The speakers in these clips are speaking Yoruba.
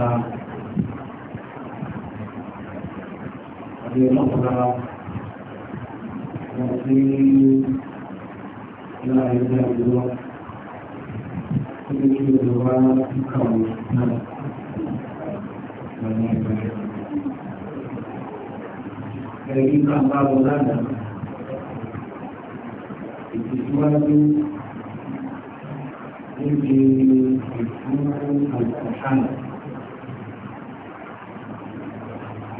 mẹ́ta àti ọlọ́pàá wọn sí ilá ẹgbẹ́ ìjọba tó lè kí ìjọba kàwé náà lọ́nà ìgbẹ́ ẹ̀rí kan bá wọn lánàá ìtìsíwájú níbi ìfún àìsàn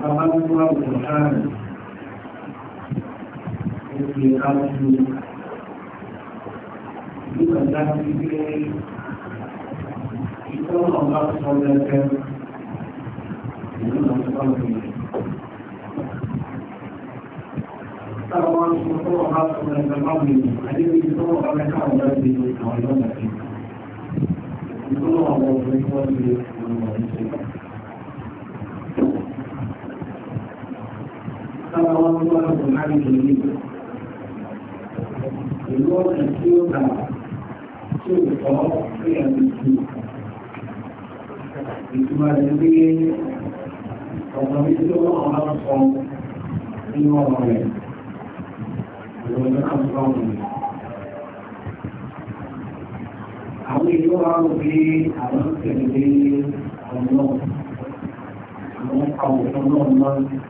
Àbájúwà Bùhárì, òkè àjò, nígbà láti gbé ìtọ́nà bá sọ lẹ́gbẹ́ ìlú àjọ́pá òkè. Táwọn ìṣòro bá sọ lẹ́gbẹ́ bá mi, àdébí ìtọ́nà bá mẹ́ta ọ̀dọ́ ìdíje àwọn ìlọ́nà ìlú. Ìtọ́nà àwọn òfin wọ́n ti ọmọ ìṣẹ́gbà. صلوات الله عليه وسلم الوضع السيوطة سيوطة في المسيح ìtumọ̀ ìgbé ọ̀pọ̀lọpọ̀ tí wọ́n máa ń sọ nínú ọ̀rọ̀ rẹ̀ ìròyìn náà sọ ọ̀rọ̀ rẹ̀. àwọn ìlú wa rò pé àwọn tẹ̀lé ọ̀nà àwọn ọ̀pọ̀lọpọ̀ náà máa ń sọ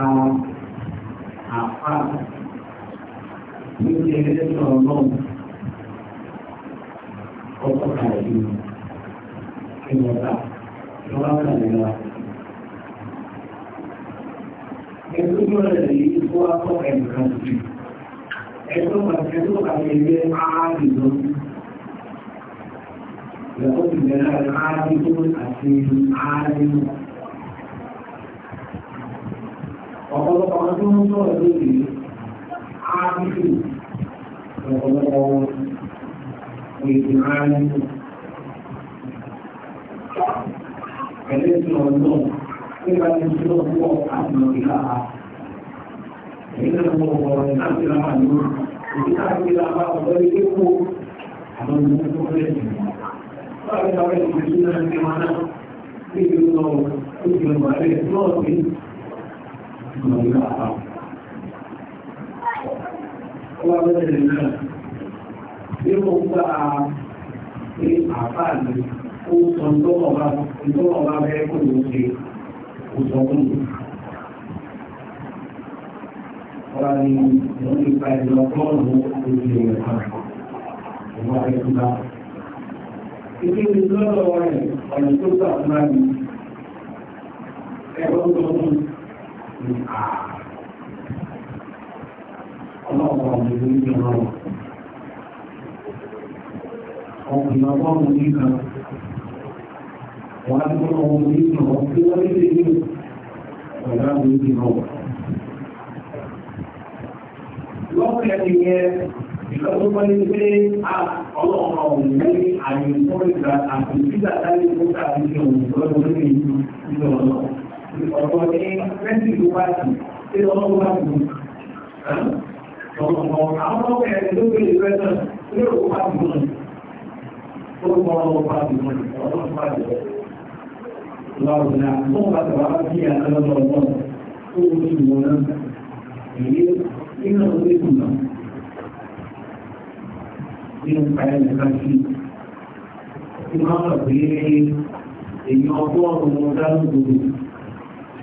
àwọn àpá ní ẹlẹ́sọ̀ náà kọ́kọ́ kàlẹ́ kí wọ́n ta kí wọ́n kàlẹ́ tó rẹ̀ yìí kó wá kọ́ ẹ̀ǹkan sí. Ẹgbẹ́ pàṣẹ tó kàlẹ́ ilé áádì lọ́dún. Ìyàwó ti bẹ̀rẹ̀ áádì tó àti áádì náà ọ̀pọ̀lọpọ̀ àwọn tí wọ́n sọ̀rọ̀ lórí ábíkù ọ̀pọ̀lọpọ̀ èdè ààrẹ pẹ̀lú ìṣẹ́ ọ̀nà nípa ti ṣe ọ̀pọ̀ àti ìlà ìlànà ọ̀pọ̀lọpọ̀ láti ra àlú ìdí láti ra bá ọ̀pọ̀ ilé kó àwọn ìlú tó fẹ́ Báwo ni àwọn ìṣẹ̀lẹ̀ náà ti máa náà? Bí ìlú lọ, ó ti lọ bàálẹ̀ lọ́ọ̀dún Ọwọ́ abẹ́rẹ̀ náà, bí ó gbà pé àbá mi, ó sọ ìtọ́lọ̀bá ìtọ́lọ̀bá bẹ́ẹ̀ kò ní ṣe, ó sọ fún mi. Ọ̀rọ̀ ni wọ́n ti pa ìlọ ọgọ́rùn-ún oṣù rẹ̀ kan. Ìwọ́n rẹ̀ tún bá. Ìdíje lọ́dọ̀ rẹ̀ ọ̀nà tó gbà fún ní ààrẹ ọlọ́pàá ọmọ ìlú ìjọba ọkùnrin ọgọ́rùn-ún nìkan wọ́n á ní ọmọ ìjọba tí wọ́n lè ní ọ̀dá ìlú ìjọba lọ́pẹ̀ ẹni yẹn ìkọ́tọ́gbọ́n ní pé ọlọ́pàá ọmọ ìlú àyè fún ìgbà àti ìgbà ọ̀pọ̀ ní twenty two party tí ọmọ wa kù. Ọ̀pọ̀ àwọn ọmọ ẹ̀rẹ́ ló gbé ìwé náà ní òkú party náà. Ó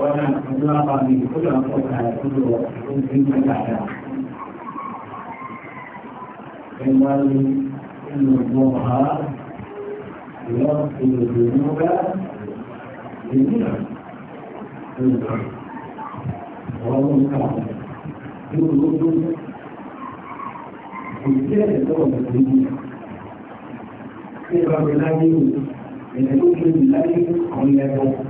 wannan Allah ba ne kullum ko ta kullu kun kin ta ta in wani in ruha yaghfiru dhunuba jami'a wannan ka duk duk ku ce da kuma kudi sai ba ga lafiya ne da kuma lafiya on level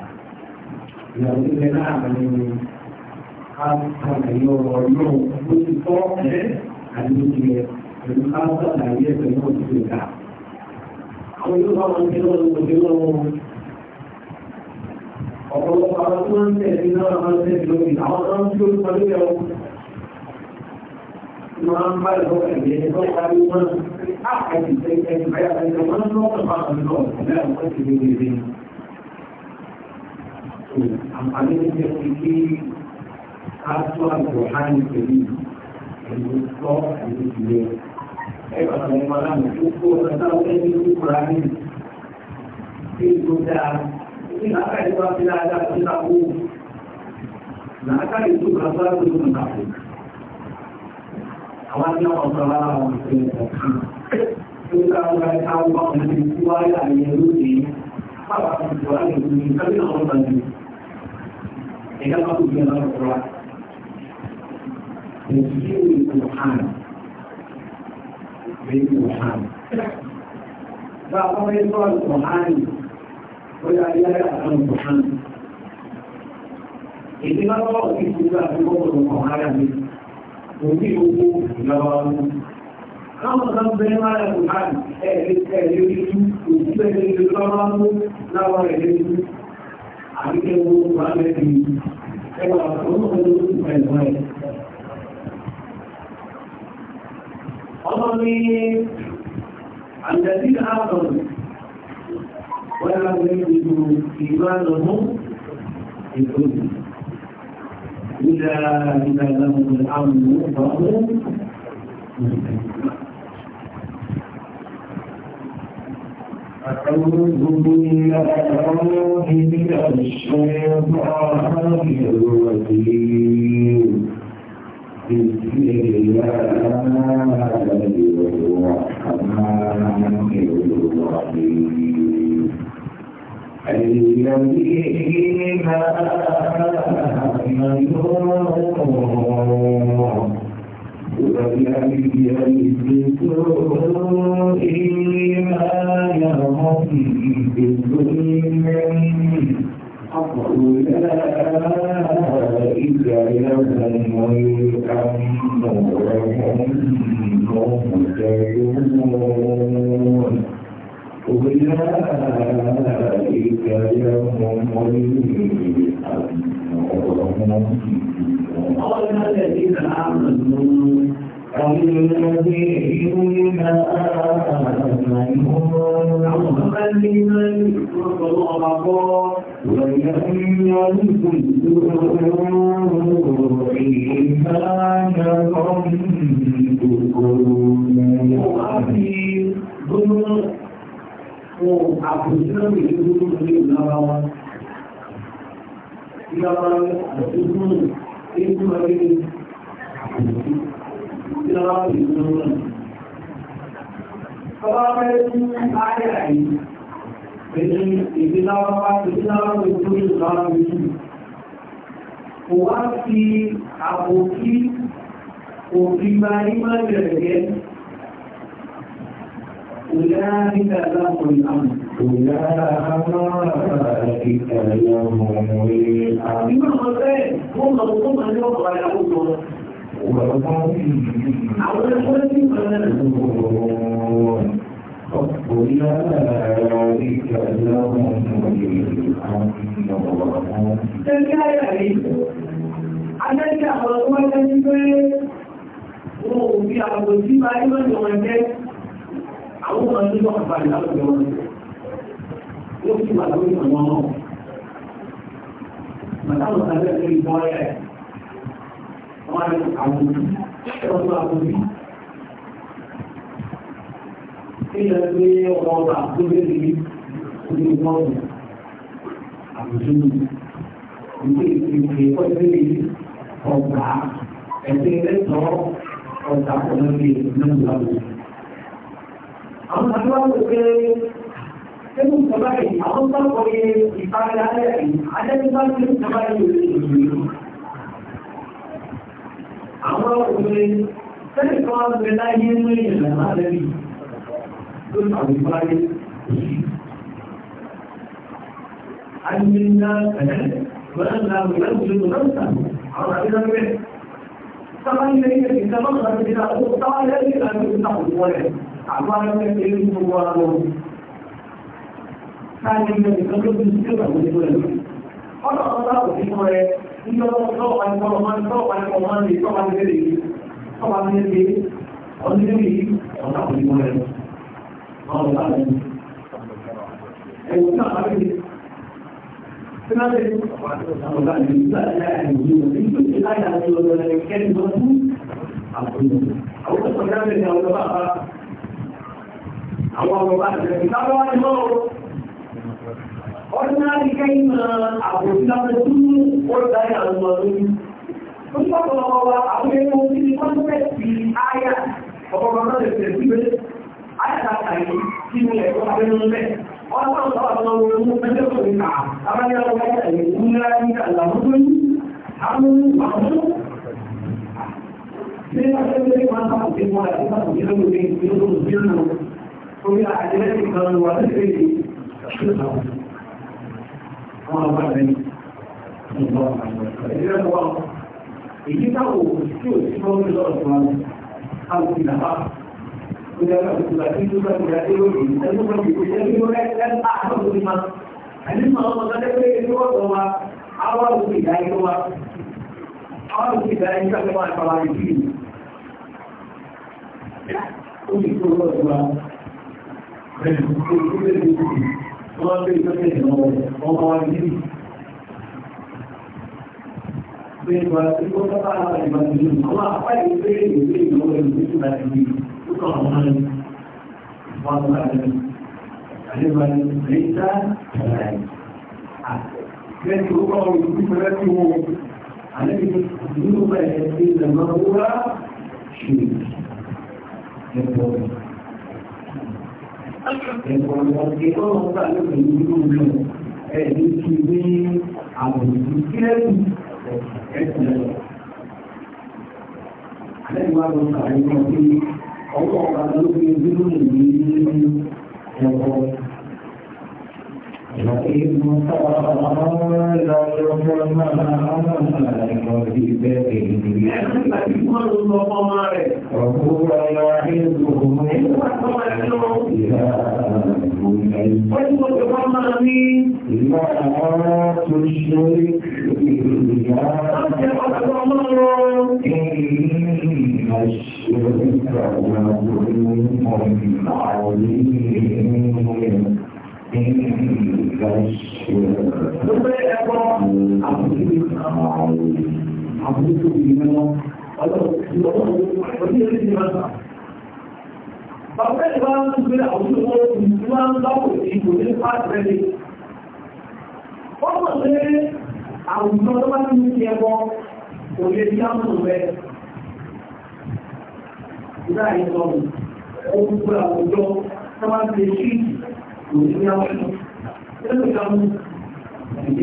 ìyàwó ilẹ̀ láàrin àtàlàyé ọ̀rọ̀ náà ló ti tọ́ ẹ́ àdúgbò pẹ̀lú àtàlàyé ẹ̀fẹ̀ náà ti lè dà. Àwọn yóò bá wọn tẹ́lọ̀ lọ́wọ́ lọ́wọ́ ọ̀pọ̀lọpọ̀ àwọn tó ń tẹ̀lé náà máa ń tẹ̀lé lórí àwọn tó ń tó ń parí ẹ̀ máa ń bá ìlú ẹ̀yẹ tó parí wọn. Àkàtì tẹ̀lé ẹ̀yẹ báyà ẹ̀yẹ máa ń lọ́kàn bá wọn lọ́kàn àǹfààní ní ṣe fi kí a tó àgbò hàn pẹ̀lú ìlú sọ ìlú ìlú ẹgbà tó ń wọlá mi tó kó ọ̀sán ọ̀sán ní ìlú kura ní ṣe ìlú dáa ní àkàrí bá fi dáadáa tó dáko ní àkàrí tó kà bá tó tó dàpọ̀ àwọn ní àwọn ọ̀sán lára àwọn ìṣẹ̀lẹ̀ ìṣẹ̀lẹ̀ tó dáa wọ́n ká wọ́n ti wáyà ìyẹn lóde fáwọn àti ìṣẹ̀lẹ̀ ìṣẹ̀lẹ̀ ìṣẹ̀lẹ̀ idan abu ya zama ruwa da yi ruhana da yi ruhana ba kuma yi zuwa ruhani wadda ya yi a kan ruhani èdè lọ́wọ́ òfin ti gbà fún gbogbo ọ̀hárá mi òbí gbogbo ìlọ́wọ́ ọdún káwọn kan bẹ̀rẹ̀ máa rẹ̀ kò hàn ẹ̀ẹ́dẹ́ ẹ̀ẹ́dẹ́ ojú òbí bẹ̀rẹ̀ lọ́wọ́ ọdún láwọn ẹ̀ẹ́dẹ́ ojú àbíkẹ́ gbogbo àbẹ́ẹ̀dẹ́ ojú ẹwà olóògbé pẹ̀lú ẹ̀. ọmọ ní àjẹ́sí ààbọ̀n wọ́n yára ní ìlú ìgbàlọ́mú ìlú إذا إذا لم يعلموا فهم مستقيم أعوذ بالله من الشيطان الرجيم بسم الله الرحمن الرحيم الذين آمنوا ولم يذكروا إيمانهم بظلم أولئك لهم الأمن وهم مهتدون أولئك لهم الأمن وهم قال الذين آمنوا والذين آمنوا مؤمنا وصدقا ولم يكن إيمانهم تكون وفي ظلم وعبدنا من ظلم الله إلى أن تكون èyí tó máa gbé ní ọwọ́ ìlú náà. Ọba fẹ́ fún ayé àyè, pẹ̀lú ìdíláwọ́ bá ti díláwọ́ tó tó lè lọ́wọ́ méjì. Kò wá fi àbòkí òfin máa ní máa bẹ̀rẹ̀ gẹ́gẹ́ أولئك لهم الأمر أولئك لهم الأمر لما خلقين هم مضمون أن يوقع يعود أولئك لهم الأمر تلك يعني أنك أخرجوا لك wọn ò fi àbòsí bá ẹgbẹ́ ìwọ̀n jẹ́ àwọn ọmọ ẹni lọ́kàn bá ìlànà ìjọ wọn yóò sì wà lórí àwọn ọmọ màtáwọn kan lẹ́sẹ̀ ìbọn ẹ̀ wọ́n á lọ àwọn òbí ẹ̀rọ tó àwọn òbí ilẹ̀ pé ọmọ ọba tó lé ní orí ìwọ̀n àbùsùn ìgbé ìgbé ọdún ní ọgbà ẹ̀sìn ẹ̀tọ́ ọ̀dà ọ̀nà ìgbé náà lọ́wọ́ àwọn àdúrà tẹ́lẹ̀ kan wá láyé ní ìlànà ìlànà àwọn àdínàgbẹ́. Sábà àwọn akẹ́kẹ́ ní gbogbo àwọn káàkiri ní ìkan tó ti sí ọ̀rọ̀ ìlú rẹ̀ ọ̀nà ọ̀dá kò sí fún ẹ nígbà tó tọ́pa ní ọmọ máa ń tọ́pa ní ọmọ máa ń lè tọ́pa ní lè tọ́pa ọ̀rọ̀ láti àwọn ọmọ bá jẹ́ àwọn ẹgbẹ́ ohun tí ní kọ́ńtẹ́ẹ̀tì áyà sí pé áyà tàbí kí ni ẹ̀kọ́ abẹ́nu mẹ́ wọ́n tọ́ ọ̀sán àwọn ọmọ ogun mẹ́jọ́ tó ní kàá abájá ọmọ ẹ̀yà ìlú ńlá ní àlàmúdó ní àwọn àwọn Ní ọjọ́ ilé máa orí àjẹ́lẹ́sì kan wà lẹ́sẹ̀ yìí àwọn ọba rẹ̀ ìgbọ́ ìrẹ́ wọ́n èyí táwò tí ò sí mọ́ nílọ́ ọ̀tún àwọn ìlàbá Ìjọba ìjọba tí ó bá ti rà dé lórí ìtẹ́lúgbọ́n ìgbésẹ̀ ní ó rẹ̀ lẹ́gbà àwọn òṣìṣẹ́. Àdínmà ọmọ tọ́lẹ́ pé ní ọ̀dọ̀ wa, àwọn òṣìṣẹ́ ìdá ìlú wa, àwọn òṣìṣẹ́ ìdá ìlú wa ìpàwà ìdí. Ó sì tó lọ́dọ̀ wa, pẹ̀lú olóògbé lórí tó wá pé ìtọ́jú ìdánwò ọmọ ìlú pé ìgbà tí ó bá bá ẹ̀kọ́ ti rí àwọn ìlú ẹ̀sìn rẹ̀. Àlẹ́yìn lọ sàárẹ̀ wọn pé ọwọ́ ọ̀gá lórí ìlú ní ẹ̀kọ́ وإذ وهو يعظهم إذا لا تشرك بالله إن الشرك لظلم عظيم Gbogbo ẹgbọ́ àbúrúkú ìrìnà Bàbá ìbá ń tún gbé àwọn olówó ìlú máa ń lọ́pọ̀ ìbò ní pàtàkì. Wọ́n mọ̀ pé àwùjọ tó bá ti ní ti ẹgbọ́ kò lè ní àmùn rẹ̀. Ìdá ìsọ̀rọ̀, ó gbogbo àwùjọ tó bá ti ṣíkì Inú àwọn ìlú ìlú ẹ̀ẹ́sẹ́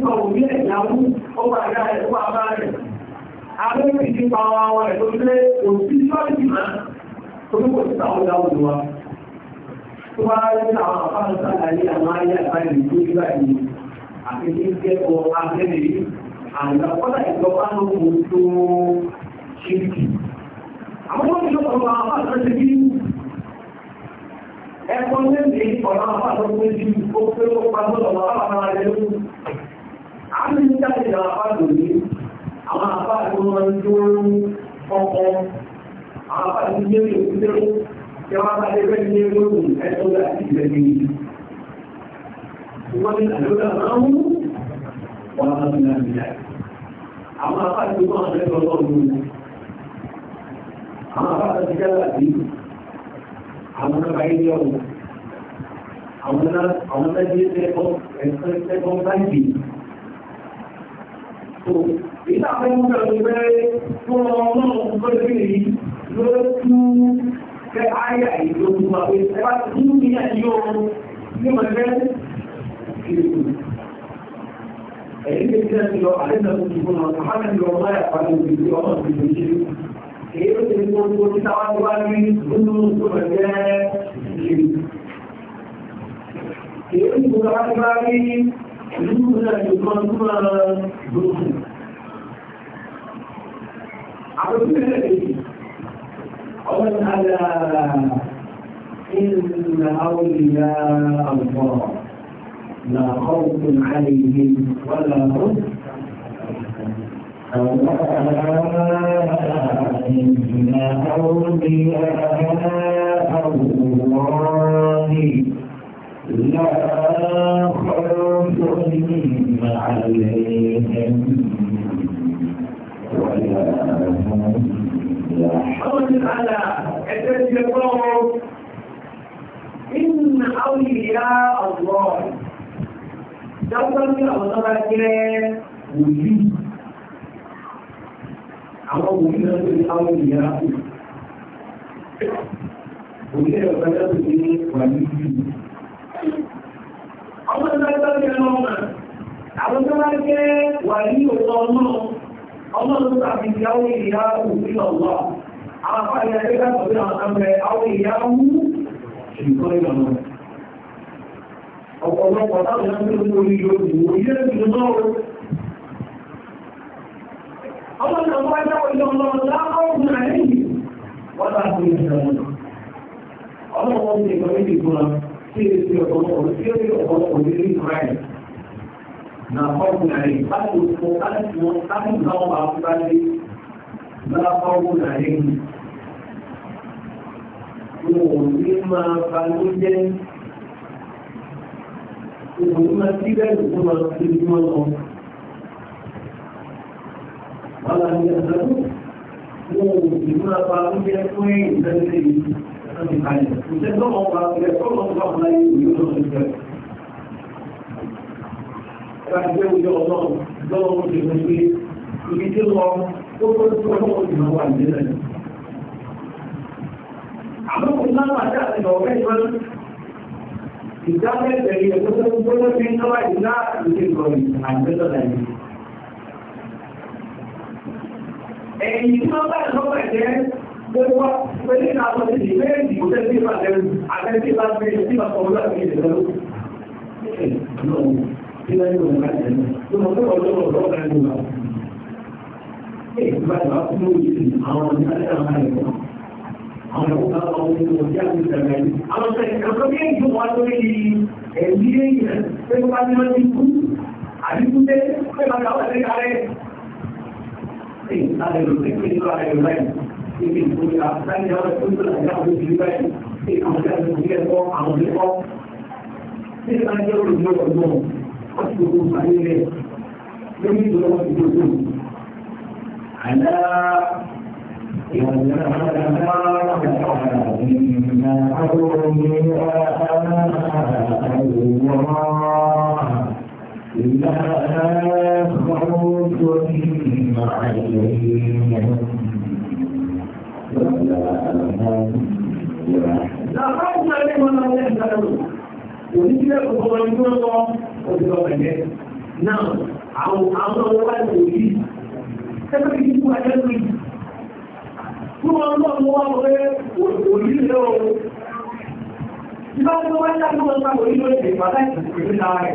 tó ní ìjọ́ rẹ̀ alẹ́gbẹ̀ ti pa àwọn àwọn ẹ̀ tó lé òsì lọ́ọ̀dì máa tó ní kò sí àwọn ọ̀dà òdò wa tó bá rí àwọn àfáàlù sàlàyé àwọn ayé àbáyé tó ní báyìí àti ní kẹ́kọ̀ọ́ abẹ́rẹ́ yìí àgbàkọ́dà ìjọba ló mú tó ṣe kì. àwọn tó ní lọ́pọ̀ àwọn àfáàlù sàlàyé kí ẹ̀kọ́ lẹ́sẹ̀ ọ̀nà àfáàlù pé ju ó pé ó pa lọ́dọ̀ àwọn àfáàlù àwọn àbá àti wọn ń jó ọkọ àwọn àbá àti ilé ìlú ìlú ní lóòrùn ẹ̀tọ́ láti ilẹ̀ Àwọn àbá jẹ́ ẹ̀kọ́ ẹ̀kọ́ ẹ̀kọ́ báyìí ìtàkùn èyí ti gbogbo títà wá tó bá rí lónú tó gbogbo عرفت أولا ألا إن أولياء الله لا خوف عليهم ولا هم إن أولياء الله لا خوف عليهم قول على التذكر إن أولياء الله دولة الله كده وجود àwọn òmìnira tó ní àwọn ìyára kù. Òmìnira ìpàdé tó ní wà ní ìlú. Ọmọ tó bá tọ́jú ẹnu ọmọ, àwọn tó bá jẹ́ wà ní òtọ́ náà ọlọ́run tàbí ìyáwó ìyáwó ìlọ́lọ́ àwọn afá ilẹ̀ ẹgbẹ́ láti ọ̀dọ́ àwọn ọmọ ẹ̀yáwó ìyáwó ṣùgbọ́n ìlọ́lọ́ ọ̀pọ̀lọpọ̀ táwọn ìyáwó ìlú orí yóò ilé ìlú náà ọlọ́run tàbí ìyáwó ìlọ́lọ́ láàárọ̀ ẹ̀yìn wọ́n tàbí ìyáwó ọlọ́run tàbí na farko na yin babu ko kanin kanin zama ba su kanin na farko na yin òní máa balójẹ́ òní máa tí bẹ́ẹ̀ tó máa fi mọ́ lọ. wọ́n la ní ẹ̀sán wọn ò sì máa balójẹ́ fún ẹ̀yìn lẹ́sẹ̀ yìí láti kalẹ̀. ìṣẹ́ tó wọn bá fẹ́ tó wọn bá fẹ́ láyé òní lọ́sọ̀ọ́sẹ̀ bá ti gbẹ́rù yọ ọlọ́run lọ́wọ́ ó ti wọ́n pé ibi tí lọ ó tó tó ọlọ́run ti máa wà nílẹ̀. Àwọn kò náà wà dá àti ọ̀rẹ́ ìwọ́n ìdámẹ́sẹ̀ yẹ kó tó gbogbo fi ń náwà ìlà ìdíje ìkọ̀rì àgbẹ̀tọ̀ láyé. Ẹ̀yìn tí wọ́n bá lọ́pẹ̀ jẹ́ gbogbo pẹ̀lú àwọn ìdílé ìdìbò tẹ́lẹ̀ tí wọ́n bá tẹ́lẹ̀ àtẹ́lẹ̀ tí wọ́n bá tẹ́lẹ̀ tí wọ́n bá tọ́lọ́ tí àwọn ọ̀nà ìgbà tó wà ní àwọn ọ̀gá ọmọ ìlú ọjà ní ìgbàgbà yìí. Àwọn ọ̀sẹ̀ ìkàkọ́ bí èyí wà lórí ẹ̀mí èèyàn àti gbogbo ayé rẹ̀ lórí ìdúró ìdókòwò. Àlá ìwọ̀nà إلا خوف عليهم ولا هم يحزنون onídìrẹ́ kòkòrò ní wọ́n sọ òṣèlú ọ̀pẹ̀lẹ̀ náà àwọn àwọn ọmọ wa lè rí sẹ́kọ̀ kìí fún ajẹ́ lórí fún wọn lọ mú wa wọlé òní lé o ìbá tó wá ní àgbọ̀n ọ̀sán òní lórí ìgbà láti ìgbà lára rẹ̀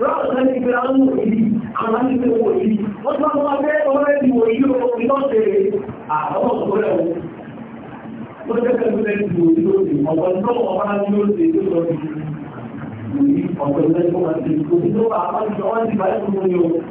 lọ́wọ́ sọ ní ìgbà láwọn òní àwọn láti ìgbà òní wọ́n tó wá wọlé ọ̀rẹ́ ìwòyí o ìlọ́sẹ̀ àwọn ọ̀sọ̀rẹ́ òní ó tẹ́tẹ́ tẹ́lú lẹ́yìn tó ti ló ti ọ̀pọ̀ tó ọ̀pá ní ó ti tó lọ sí ọ̀pọ̀ tó lẹ́yìn tó ti tó ti tó wà á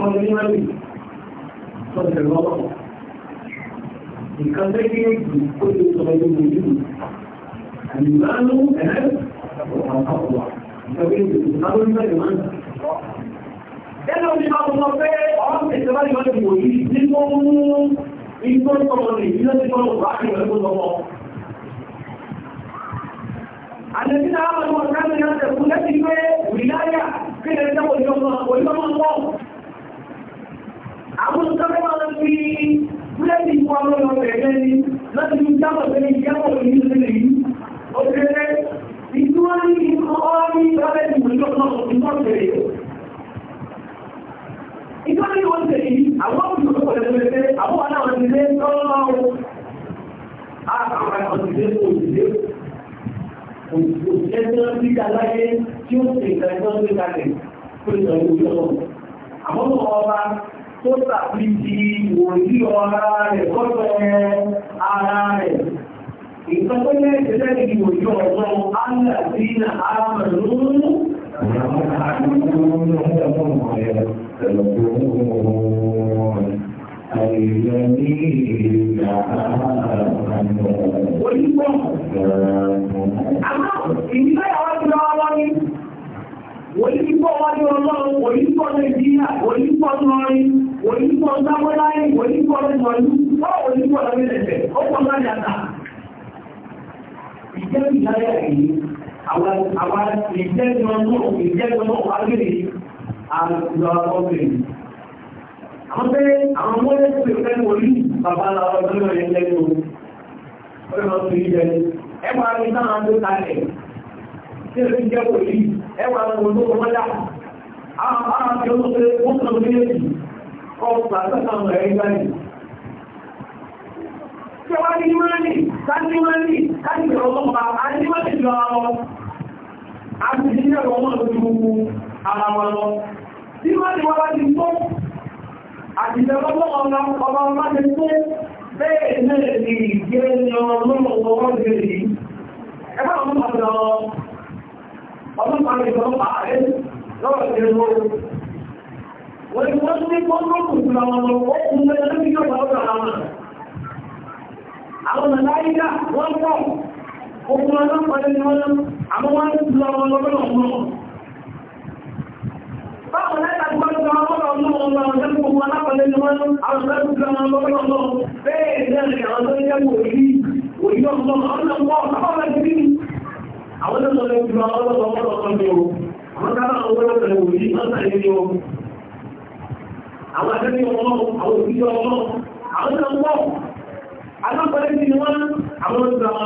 wọ́n ní wọ́n lè sọ ìbẹ̀rù ọlọ́pọ̀. Nǹkan tẹ́kí èjì ó lè sọ ẹni mú ìlú. Àmì máa ń lú ẹ̀rẹ́ ọ̀pọ̀lọpọ̀. Nǹkan tẹ́kí èjì ó lè sọ ẹni mú ìlú. Ẹnu ni máa tọ́ sọ pé ọ̀rọ̀ tẹ̀sẹ̀ bá ìwọ́n ti wò yìí ní tó ń mú igbó sọ̀rọ̀ lè yí lọ́sí kọ́ lọ́wọ́ àti ìwọ̀n tó lọ́wọ́. Àdẹ̀sí náà wọ́n mọ̀ sáà ní ọ̀sẹ̀ fún lẹ́sí pé wìláyà kí lè jẹ́ òjò mọ̀ òjò mọ̀ àwọn ìjọba máa ń fi búrẹ́dì wọn lọ́wọ́ bẹ̀rẹ̀ ní láti fi jábọ̀ sẹ́ni ìjábọ̀ ní ìṣẹ̀lẹ̀ yìí ó kéré ìdúró ní ìkọ́ ní ìjọba ìmọ̀jọ́ náà ìjọba ìṣẹ̀lẹ̀ yìí ìjọba ní wọ́n tẹ̀lé àwọn òṣèlú tó pẹ̀lú ẹgbẹ́ àwọn aláwọ̀ ti lé lọ́wọ́ àwọn àwọn ti lé òṣèlú òṣìṣẹ́ tí wọ́n ti dáláyé tí ó ti ìgbà ìjọba tó kalẹ̀ fún ìjọba ìjọba àwọn ọba tó tàbí di òní ọ̀rá rẹ̀ kọ́tọ̀ ara rẹ̀. Ìkan tó lẹ́ ìṣẹ́lẹ̀ ní ọ̀rọ̀ Alàdínà Amàlúrú. Onígbọ̀n. Àmọ́ ìdílé ọ̀ òyìnbó wájú ọlọ́run òyìnbó nàìjíríà òyìnbó nọrin òyìnbó sáwọ́láyé òyìnbó nọlú wọ́n òyìnbó lọ́mílẹ̀fẹ̀ ó pọ̀ máa yàtà ìjẹ́bì láyà èyí àwọn ìjẹ́bì ọlọ́run ìjẹ́bì ọlọ́run agbèrè àgbàkọ́bìnrin àwọn pé àwọn mọ́lẹ́ tó fẹ́ wọlé bàbá làwọn ọdún rẹ̀ lẹ́nu ó lọ sí ilẹ̀ ẹgbàá mi náà ló kalẹ̀ tí ó jẹ́ wòlíì ẹwà olóko mọ́lá àwọn àwọn tí ó ń pè ó kàn ní èyí ọ̀pàá sọ́kàn rẹ̀ ẹgbẹ́ yìí. Ṣé wá ní mọ́lì, sáńtì mọ́lì, káàkiri ọlọ́pàá, àti mọ́lì jọ àwọn àti ìdílé ọmọ lójú ara wọn lọ. Tí mọ́lì wọ́n bá ti tó, àti ìdẹ̀lọ́pọ̀ ọmọ ọmọ ọmọ ti tó, bẹ́ẹ̀ náà ni ìgbé ọlọ́pàá Wọ́n ni wọ́n ní kó lókù sí ọmọ ọmọ ọkùnrin mẹ́rin lórí yóò lọ́wọ́ àwọn. Àwọn ọ̀nà wọ́n pọ̀. Ogun ọlọ́pàá lè wọ́n àmọ́ wọ́n ti lọ àwọn ọ̀dẹ́kùn àwọn tó lọ sí wọn lọ́wọ́ lọ́wọ́ kan ní o àwọn ká máa wọ́n lọ́wọ́ lọ́wọ́ yìí wọ́n sàn ní o àwọn akẹ́kẹ́ ọmọ àwọn òṣìṣẹ́ ọmọ àwọn tó wọ́ alápẹ̀lẹ́ sí wọn àwọn tó lọ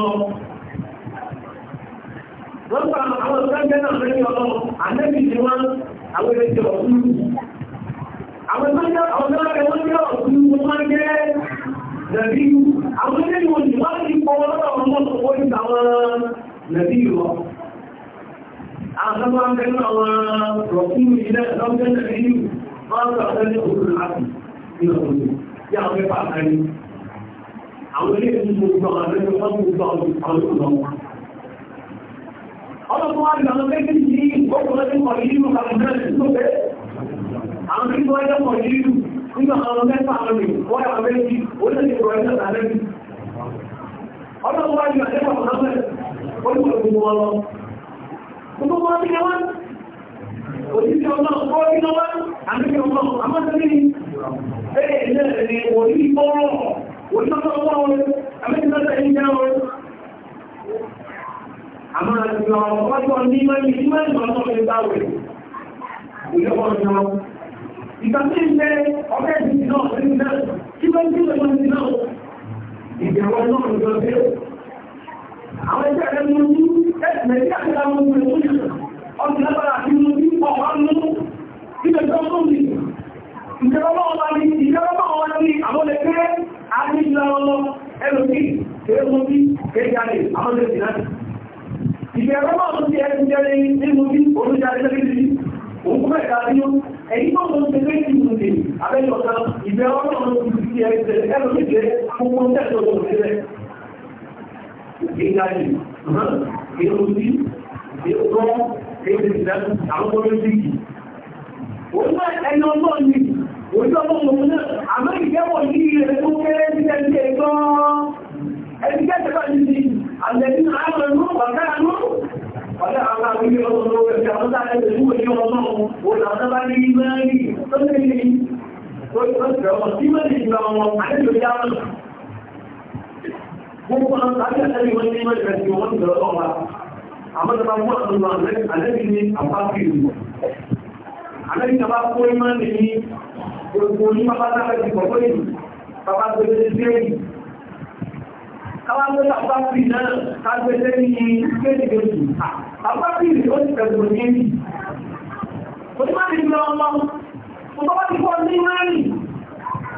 wọ́n pa àwọn ìgbẹ́gbẹ́ náà lẹ́yìn ọlọ́run àdẹ́bì ni wọ́n àwọn ẹgbẹ́ ọ̀tún àwọn ìgbẹ́gbẹ́ ọ̀tún wọ́n jẹ́ ọ̀tún wọ́n jẹ́ dẹ̀bí àwọn ẹgbẹ́ ìwọ̀n ni wọ́n ti pọ̀ lọ́wọ́ ọmọ نذيرا عشان ما كان رسول الله لو كان نبي ما كان يقول العدل من الرسول يعني يفعل عني عملية المبتغى التي قد مبتغى الله أنا طبعا لما كنت في وقت لازم قليل وخلنا نسمع عم في وقت قليل كنا خلنا نسمع منه ولا عملي ولا ذكريات عملي أنا طبعا لما كنت olùkọ́ wọn lọ. Gbogbo wọn ti wọn, òṣìṣẹ́ ọlọ́run kọ́ sí lọ́wọ́, àmì ọlọ́run, àmọ́ sí ní bẹ́ẹ̀ náà ni òní ìgbọ́rọ̀, òní ọlọ́run wọn, àmì ìgbọ́rọ̀ ìjẹ́ wọn. Àmọ́ àti ọ̀rọ̀ ọjọ́ ní mẹ́rin ní mẹ́rin ọjọ́ ní báwẹ̀. Ìjọba ọjọ́. Ìgbàgbé ìgbẹ́ ọ̀gẹ́ ìdí náà, kí ló ń gbé lọ́wọ́ ìdí náà? Ìgbẹ̀wọ̀ náà ń lọ sí àwọn ẹgbẹ́ rẹ̀ mú ní ẹ̀sìnlẹ̀ ìjọba mú ní ọdún lábára àti mú ní ọ̀pá mú nílẹ̀ tó mú ní ìjọba wọn wá ní ìjọba wọn ní àwọn ẹgbẹ́ àdíjìlá ọlọ ẹlòmí kéèmùbí kéèjáde àwọn ẹgbẹ́ ìdájì ìjọba wọn ti ẹni jẹ́rẹ́ nínú bí olùjáde lẹ́gbẹ̀ẹ́ òkú mẹ́ta ní ẹ̀yí tó mú ti lé ti mú ní abẹ́yọ̀ta ìjọba wọn ti ẹni jẹ́rẹ́ ẹlòmí jẹ́ fún ìdájì ìrùn ọmọ ọmọ mẹ́rin ìgbà ọmọ àlejò yára gbogbo àwọn tàbí àtàrí wọn ní ìmọ̀ ìrẹsì wọn ní ìrọ̀lọ́ wa àmọ́ tàbá mú àtúnú àlẹ́bí ní àpapọ̀ ìlú àlẹ́bí tàbá kó ìmọ̀ ní gbogbo ní pápá tàbá ti pọ̀ pẹ̀lú pápá tó lé sí ẹ̀yìn káwá ti tẹ̀sùn ní ẹ̀yìn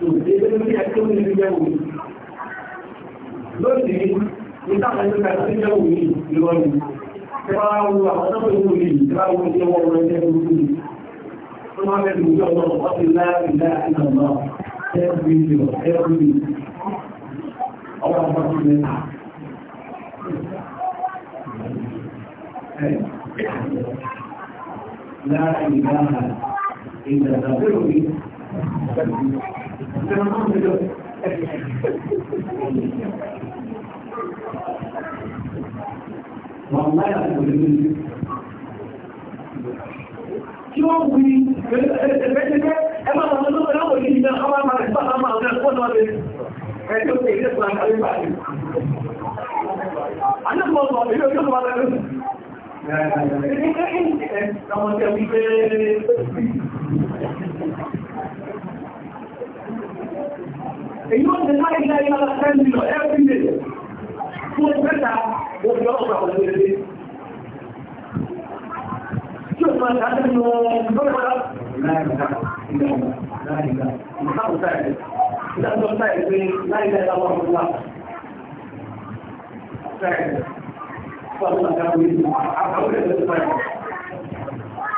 lónìí ìtàkùn ìgbà tí jẹ́ òní ìrọ̀lù tí wá wú àwọn tó wù ní ìjọba wù ní ọwọ́ ọ̀rọ̀ ẹgbẹ́ orúkú ní tó máa bẹ̀rẹ̀ ìjọ náà wọ́n ti láàrín láàrín náà ẹgbẹ́ ìjọ ẹgbẹ́ ìjọ ọwọ́ àwọn tó mẹ́ta láàrín láàrín ìjọba Wọ́n láyé àti òlèmí. Kí wọ́n wí ẹgbẹ́gbẹ́ ẹgbẹ́ àwọn ọmọdé ọmọdé ọmọdé ìjìnà ọmọ àmàrẹ̀ ìgbà àmà ọ̀dẹ́ ọ̀dọ́ ọdẹ́ ẹjọ́ pé ilé fún àkàrí báyìí. A ní ọmọ ọmọ ilé ọjọ́ ọmọdé ọmọdé ọmọdé ọmọdé ọmọdé And you want to tell me that you have a friend, you know, every day. So it's better what you also have to do. Just like that, you know, you know what? Nah, nah, nah, nah, nah. You have to say it. You have to say it. Nah, nah, nah, nah, nah. Say it. So I'm not going to be, I'm not going to be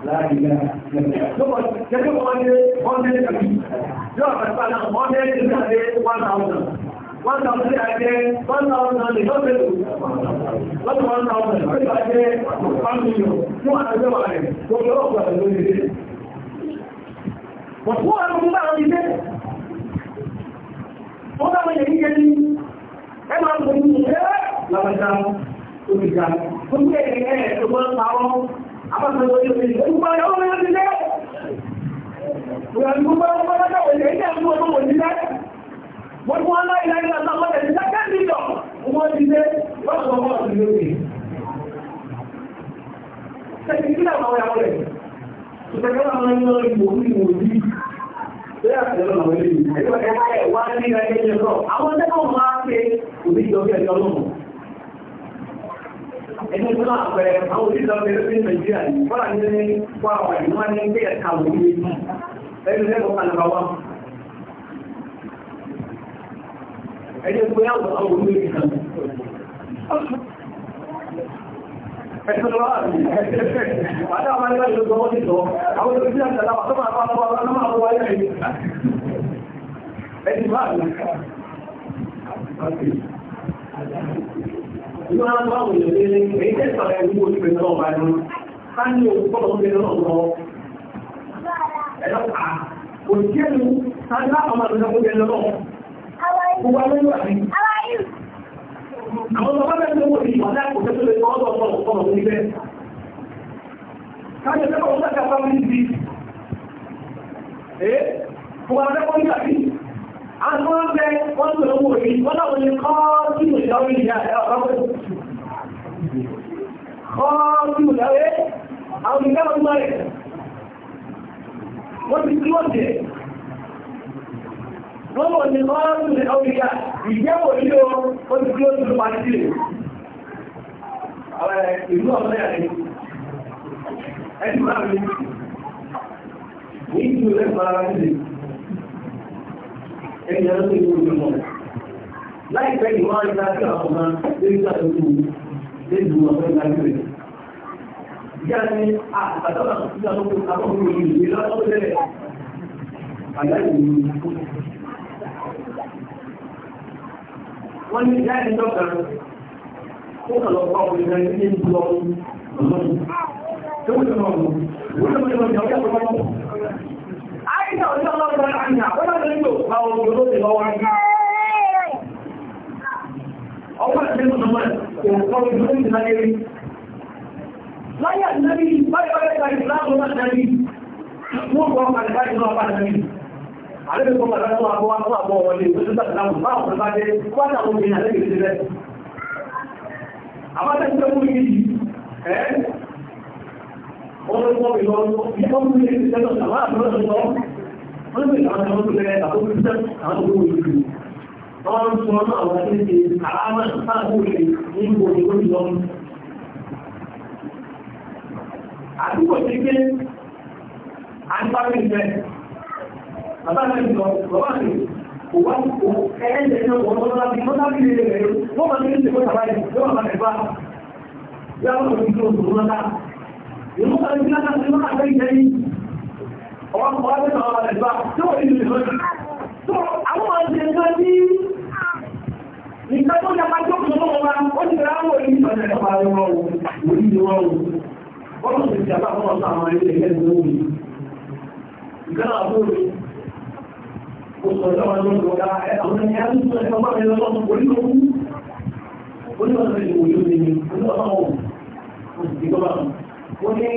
One thousand tó yọ ọ̀pọ̀ àjọ́ ọmọ Wọ́n wọ́n láì láì lọ́ta wọ́n tẹ̀lé sákẹ́ nílọ̀ wọ́n ti lé lọ́pọ̀ ọmọ ọ̀sìn lórí. Tẹ̀lé sílẹ̀ àwọn ìyàwó rẹ̀. Tùtẹ̀kẹ́ àwọn ẹni lọ ìwò ní ìwò yìí. Bẹ́ẹ̀ àti ẹ̀rọ àwọn ilé ìwé. Ẹgbẹ́ ẹ̀wá ní ẹgbẹ́ ẹ̀jẹ̀ náà. Àwọn tẹ́kọ̀ọ́ máa ń pe òbí ìjọba ẹ̀jọ́ lọ́mọ̀ ẹni tó náà pẹ̀lẹ̀ àwọn òṣìṣẹ́ bẹ̀rẹ̀ sí nàìjíríà yìí fọ́nà ní ní wà wà ní wọ́n ní pé ẹ̀ka wò ní ẹni lẹ́kọ̀ọ́ kan nàbà wá. ẹni pé àwọn àwọn olóyè kan. Ẹ̀sìn lọ́wọ́ àti àdá àwọn ẹgbẹ́ ìlú gbọ́wọ́ ti sọ, àwọn olóyè ti àtàlà wà tó máa bá wọn lọ́wọ́ àwọn ọmọ ayé rẹ̀. Ẹni máa ń ìlú àwọn àwọn èèyàn lé èyí tẹ́ sọ̀rọ̀ ẹni wo ìpè náà wà ní ká ní òun gbọ́dọ̀ ń bẹ náà lọ ẹ̀dọ́ ká kò sí ẹnu ká ní láwọn ọmọ àdúgbò ń bẹ náà gbogbo àwọn ìlú àti àwọn ọmọ bẹ́ẹ̀ tó wò ní ìwádà kò tẹ́tọ́ lè kọ́ ọ̀dọ̀ ọ̀pọ̀lọpọ̀ níbẹ̀ ká ní ẹgbẹ́ kọ̀ọ̀kan àwọn ọgbẹ́ wọ́n tó lówó rí wọ́n náà wọ́n lè kọ́ sí ìlọ́rí ìyá ọ̀pọ̀ kọ́ sí ìlọ́rí àwọn ìgbà ọgbà rẹ̀ wọ́n ti kí wọ́n jẹ́ wọ́n wọ́n lè kọ́ sí ìlọ́rí ìyá ìyẹ́wò ilé o wọ́n ti kí wọ́n ẹni Láìpẹ́ ìwọ́n á sí àwọn ọmọ lórí ìgbàlódé lẹ́nu ọ̀pọ̀ ìgbàlódé rẹ̀. Ah, ní àtàtàlà tó àwọn akọ́kọ́ ìlú ìlú lọ́wọ́ wọ́n ní ìyá ẹni dọ́kà ó kàn lọ pa ní ìlú àìṣà ọjọ́ ọlọ́pàá àìyà wọ́n láti ń lò pa ohun tó ti lọ wá ní ọwọ́ ìṣẹ́lú ọmọ ìwọ̀n tó ti láyé rí láyé àtìlẹ́bí wọ́n lè àwọn ọmọ tó lẹ́yìn àkókò sísẹ́ àwọn tó wọ́n lè wọ́n ń sọ ọ́nà àwọn tó lè àlámà sáàbù rẹ̀ ní ipò ìwé ìlọ. àdúgbò ti gbé àgbáwé ìfẹ́ bàbá mi lọ bàbá mi kò wá kó ẹ̀ẹ́dẹ̀ náà wọ́n lọ́wọ́ láti wọ́n láti lè rẹ̀ wọ́n máa ń lè ṣe fún àbáyé wọ́n máa ń bá yàrá òṣìṣẹ́ òṣìṣẹ́ òṣìṣẹ́ òṣìṣẹ́ òṣìṣẹ́ òṣìṣẹ́ òṣìṣẹ́ òṣìṣẹ́ òṣìṣẹ́ ọwọ́n mọ́ ọ̀sán àwọn ilé ẹ̀gbẹ́ ìlú omi ìgbàlá àbúrò ó sọ ìjọba ló ń lọ ká àwọn ẹ̀yà ń sọ ẹ̀gbá mi lọ́wọ́ orí òun orí ọ̀sẹ̀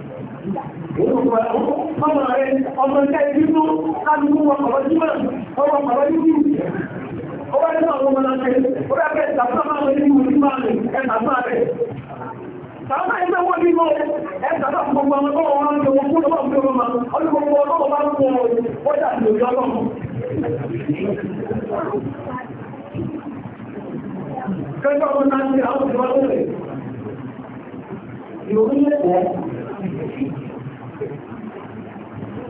Ọmọ ọmọ náà ṣe, àwọn ọmọ lórí Ìròyìn ẹ̀kọ́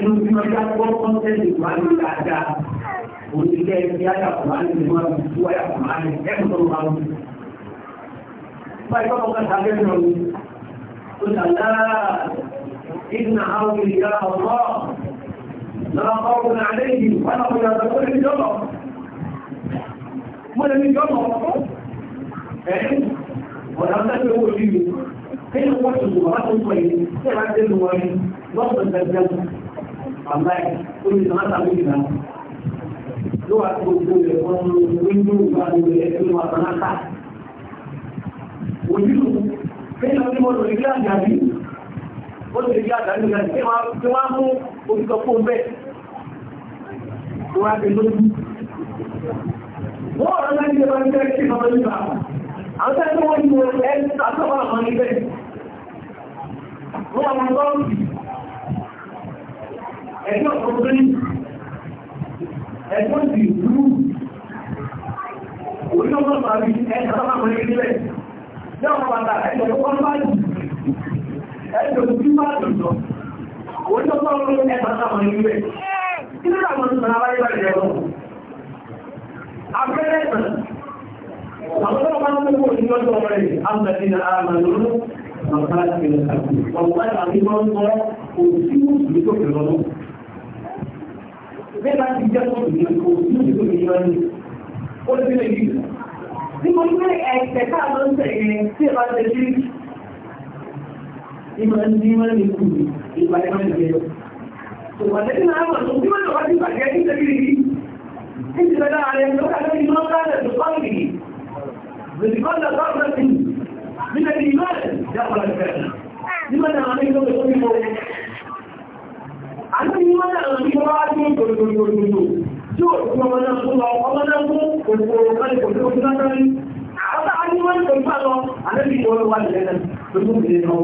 inú tí wọ́n já gbọ́ kọ́ńtẹ́ǹtì wà ní dáadáa òṣìṣẹ́ ẹgbẹ́ ayà kùmánì ni wọ́n fi tú ayà kùmánì ẹ̀kọ́ tó máa wù. báyìí kọ́kọ́ kan tàbí ẹ̀rọ mi ó dàgbà ìdùnnà àwọn ìyá ọ̀rọ̀ lọ́wọ́ ọkùnrin àlẹ́ yìí wọ́n náà kọjá ọ̀rọ̀ lórí ìjọ́mọ̀ mo lè ní ìjọ́mọ̀ ẹ̀ ọ̀dà ń tẹ́lẹ̀ owó ìlú kéèyàn wọ́n ti wọ́n yìí tẹ́lẹ̀ á tẹ́lẹ̀ àbáyé ó ní sàn látàrí ìgbà ló wà tó gbogbo rẹ̀ wọ́n mú wíńdò wà ní ilẹ̀ tó wà sàn látà. Òjúlù fẹ́ẹ́ lọ sí wọn lórí ilé àjàbí. Ó lè rí àjàbí rẹ̀ tí wọ́n mú olùkọ́ fún bẹ́ẹ̀. Wọ́n á ti lójú. Wọ́n ọ̀rọ̀ láti ṣe bá ń tẹ́lẹ̀ sí ọmọ nígbà. Àwọn tẹ́lẹ̀ tó wọ́n ju ẹ̀ àtọ́wọ́ àwọn ibẹ̀. Wọ́n àwọn gọ́ọ̀mù ẹgbẹ́ ọ̀pọ̀lọpọ̀ ẹgbẹ́ ti rú orílẹ̀-èdè máa rí ẹgbẹ́ ọmọ ìrìnlẹ̀ lọ́wọ́ bàtà ẹgbẹ́ ọkọ̀ máa jù ẹgbẹ́ òjú máa dùnjọ orílẹ̀-èdè ọmọ ẹgbẹ́ ọmọ ìrìnlẹ̀ kí ló dàgbọ́n tó náà wáyé bàjẹ́ lọ abẹ́rẹ́ ìtàn àwọn ọmọ máa ń gbogbo ìjọ́jọ́ ọmọ rẹ̀ àwọn ẹ̀sìn àmàlóró àwọn aláàbẹ̀rẹ̀ àti ọ̀pọ̀ àti àwọn ìgbọ́n tó kò sí mú ìgbésòkè lọ́dún bẹ́ẹ̀ bá ti jẹ́ fún ìdílé kò sí ìdílé ìyọ́ ni ó ti lè yìí. Bí mo ní ẹ̀sẹ̀ káà ló ń tẹ̀lé tí ẹ bá ti rí ìmọ̀ ní wọ́n lè kú ìgbà ìmọ̀ ìgbẹ́. Ṣùgbọ́n tẹ́lẹ̀ náà wọ̀ tó bí wọ́n lọ wá sí ìbàjẹ́ ní tẹ́lẹ̀ yìí. Ní ti bẹ́ẹ̀ náà rẹ̀ ló kàlẹ́ ìmọ̀ káàlẹ̀ tó kọ́ ìgbì. Bẹ̀sìkọ́lá gọ́ọ̀mọ̀ sí nílẹ̀ ìmọ̀ ìjọba ìfẹ́. Nígbà náà wọ́n ní àti wọ́n náà ń bí wọ́n á tún gbogbogbò tí ó tún ọmọ náà fún lọ ọmọ náà fún òkòrò mẹ́rin kò tó tún náà rí àwọn àti wọ́n tó gbà lọ àlẹ́bí wọ́n wà nílẹ̀ náà tó tún lè lọ.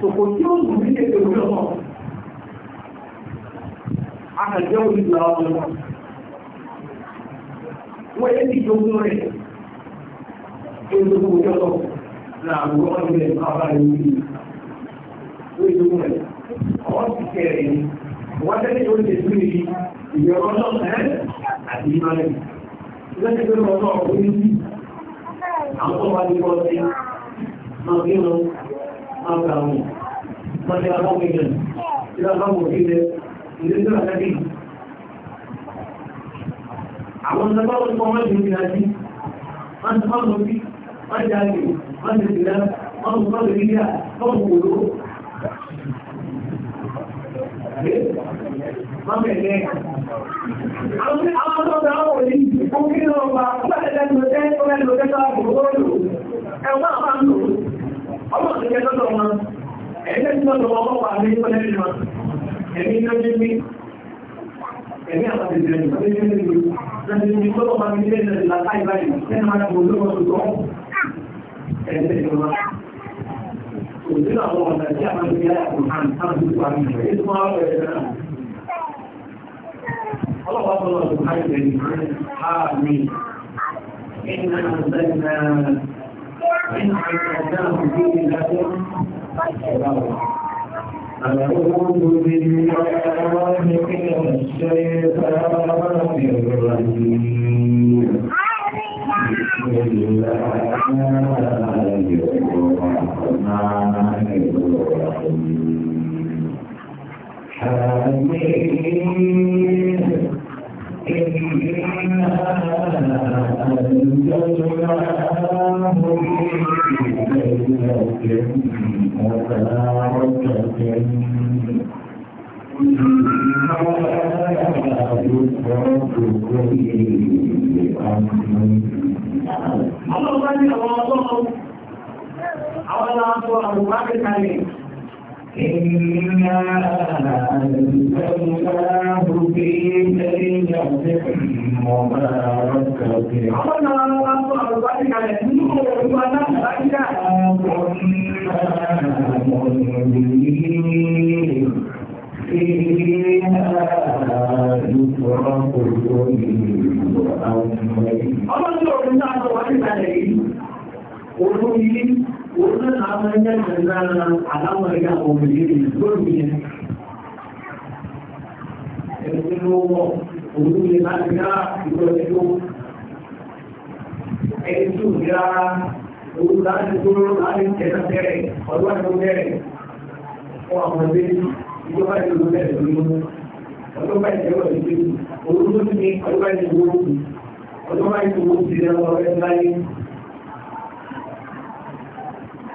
Sòkò tí ó dùn ní ètò ìlú ọmọ. A kà jẹ́ olùgbà ọmọ náà. Wọ́n yẹ kí ìjọba rẹ̀ tó gbogbo ìjọba náà lógún rẹ̀ ọwọ́ ti kẹrẹ̀ ni wọ́n tẹ́lẹ̀ tó lè tún ní ìwé ọlọ́dọ̀ ẹ́ àti ìmọ̀lẹ̀ lẹ́sẹ̀ pé wọ́n náà kó ní àwọn tó wá ní bọ́ sí máa bí wọn máa gbà wọn máa jẹ́ àwọn èèyàn tí wọ́n bá wọ̀ sí ilẹ̀ ilé tó wà lẹ́bí àwọn ọ̀sán wọn kọ́ wọ́n ti ń gbìyànjú wọ́n ti wọ́n lọ sí wọ́n ti àgbè wọ́n ti gbìyànjú wọ́n ti wọ́n lè rí mọ́mẹ̀lẹ́ àwọn ọ̀dọ́ àwọn òní fún kí lọ wà pẹ́lẹ̀lẹ́lọ́tẹ́ pẹ́lẹ̀lọ́tẹ́ tó àgbòrò ẹ̀wọ́n àwọn ọmọ ìjẹ́ lọ́dọ̀ wọn ẹ̀ẹ́lẹ́ tí lọ́dọ̀ wọn wà ní pẹ́lẹ́lẹ́lọ́ ẹ̀mí lọ́dẹ́ mi ẹ̀mí àwọn ìjẹ́ lọ́dọ̀ Òṣèlú àwọn ọ̀nà tí a máa ń gbé àkùnrin àti àwọn ìgbà ìgbà ìgbà ìgbà ọlọ́pàá tó lọ sí àìsẹ̀ àmì iná sẹ́nà iná ìtọ́jà òbí ìdájọ́ ìbáwọ̀. أعوذ بالله من الشيطان الرجيم بسم الله الرحمن الرحيم حميد Àwọn ọmọdé àwọn ọlọ́run, àwọn ọlọ́run tó àwọn ìwádìí kalẹ̀. إنا أنزلناه في ليلة مباركة كنا منذرين فيها يفرق كل أمر. أمر الله أن تعطوا علينا عليه. قولوا لي wannan abin da ke ranar alamar ya omiri ne lórí yẹn ẹgbẹ́ lọ́wọ́ òun lè má ti rá ìgbọ́lẹ̀ tó ẹni tó rá òun láti kúrò láti tẹ̀sán bẹ̀rẹ̀ ọdún àti bẹ̀rẹ̀ fún àwọn ọdẹ ìjọba ìlú bẹ̀rẹ̀ lórí ọdún bá ìjọba ìlú òun ló ti ní ọdún bá ìjọba ìlú ọdún bá ìjọba ìlú ti rẹ̀ lọ́wọ́ ẹ̀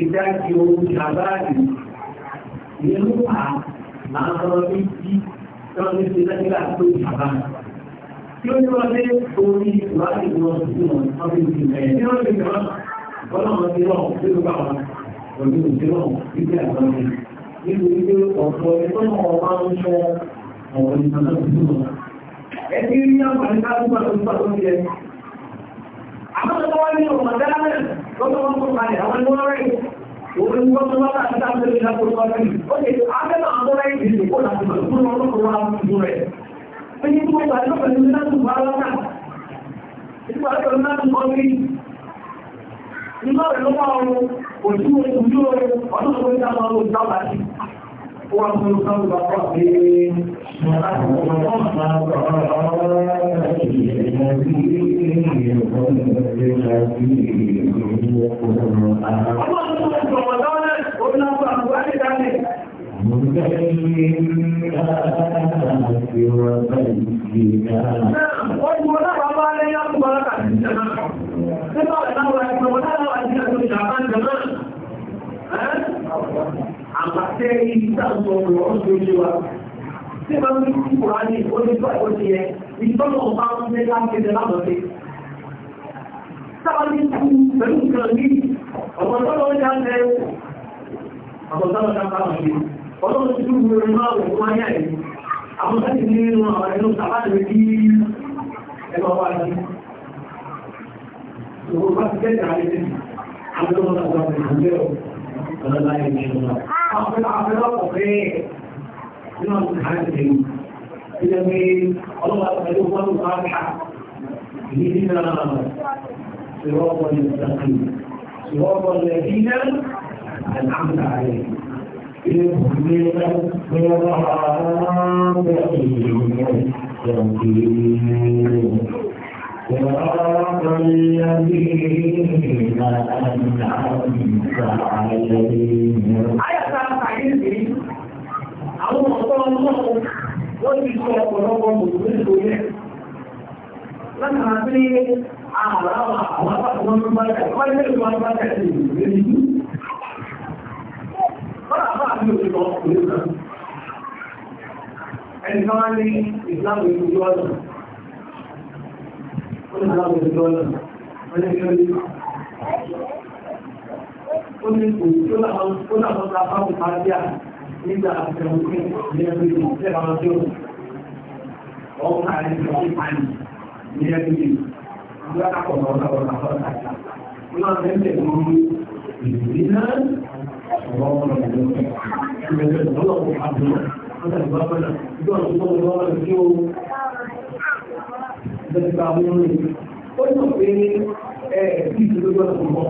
Ìdájí ohun ṣàbáàdì nínú pa àwọn méjì tọ́lú ti lẹ́gbẹ̀ẹ́ àti ìṣàbáàdì. Tí ó ní wọ́n lé orí ìwádìí wọn sí wọn, wọ́n fi ìgbẹ̀ ẹ̀ tí wọ́n lè gbọ́n, ọlọ́run ti rọ̀ nínú ilé ọ̀pọ̀ ẹgbẹ́ ọ̀pá ń ṣe abẹ́lẹ̀ àwọn nígbà rẹ̀ ló máa ń ojú ojú ọdún tó ń dáná ló ń dábàá sí. Ó wá fún ọdún tó ń bá wà pé Ọlọ́run tó ń sọ̀rọ̀ lọ́rẹ́ òun náà fún àwọn àdéjáde. Mo ń bẹ̀rẹ̀ Àpàtẹ́ ìtàkùn ọ̀rọ̀ ọ̀ṣọ́jú wa. Tí bá ń rí kúrò ní onígbà ìwọ́sí ẹ, ìtọ́nà ọ̀pá ń fẹ́ láńkéde lábọ̀tẹ́. Sábà ní kú pẹ̀lú nǹkan ní ọ̀pọ̀tọ́lọ́ ọjà ń ń bá wọn ṣe. Ọlọ́run ti rú owó bá ti kẹ́kẹ́ ayé tẹ́lẹ̀ àwọn ọmọ ọ̀gá ọ̀gá ìgbẹ́ ọ̀ ọ̀gá láyé ní ọ̀gá. àpẹẹrẹ àpẹẹrẹ ọ̀pẹ nínú àwọn ọ̀gá ìgbẹ́ ilẹ̀ mi ọlọ́wà pẹ̀lú wọn bá kà ní nínú ìrọ́pọ̀ ní صراط kan wá ní ìsìláàmù ìlú yọ́ọ̀dù. Nígbà àtẹ̀wò ní ẹgbẹ̀rẹ̀ ìṣẹ́ra ọjọ́ ọ̀pá àìsàn ìpàdé ní ẹgbẹ̀rẹ̀ ìgbàkọ̀ ọ̀rọ̀ ọ̀rọ̀ àwọn àṣà. Wọ́n máa ń tẹ̀lé ìrìnà ọ̀rọ̀ ọ̀rọ̀ ìgbẹ̀rẹ̀ ìgbẹ̀rẹ̀ ìgbẹ̀rẹ̀ ìgbẹ̀rẹ̀ ìgbẹ̀rẹ̀ ìgbẹ̀rẹ̀ lọ́sípa wọn rìn ó sọ pé ẹ bí ìṣòro gbọ́dọ̀ tó mọ́.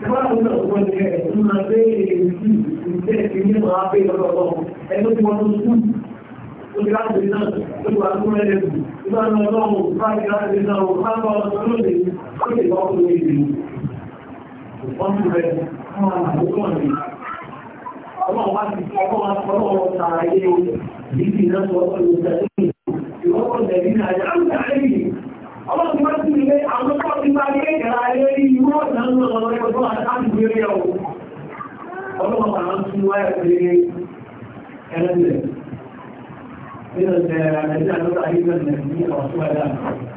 Ìjọba àwọn ọ̀dọ́ wọn ni ẹ̀sùn máa gbé èsì ìṣẹ́ ìṣẹ́ ní ọ̀rọ̀ abẹ́ lọ́dọ̀ wọn ẹgbẹ́ tí wọ́n tó kú. Ó ti láti rí náà ó ti wà ní ọ̀rẹ́ lẹ́kùn. Ìgbà náà lọ́wọ́ bá ti láti rí náà ó bá bá ọ̀dọ́ lóde ó lè bá ọkùnrin ìlú. Wọ́n ti rẹ̀ fún àkókò ọ̀nì. Ọlọ́run wá ti fọ́ ọlọ́run tààyè ìdí ìrẹ́sọ̀ ọ̀pọ̀lọpọ̀ àjọ́lùkà lẹ́yìn ọlọ́run bá ti lè àwọn tó ti bá lé ìkẹ̀lá ayé rí irú ọ̀nà ń lọ lọ́wọ́ ẹgbẹ́ tó wà láti gbé rí ọ̀wọ́ ọlọ́run bá ń tún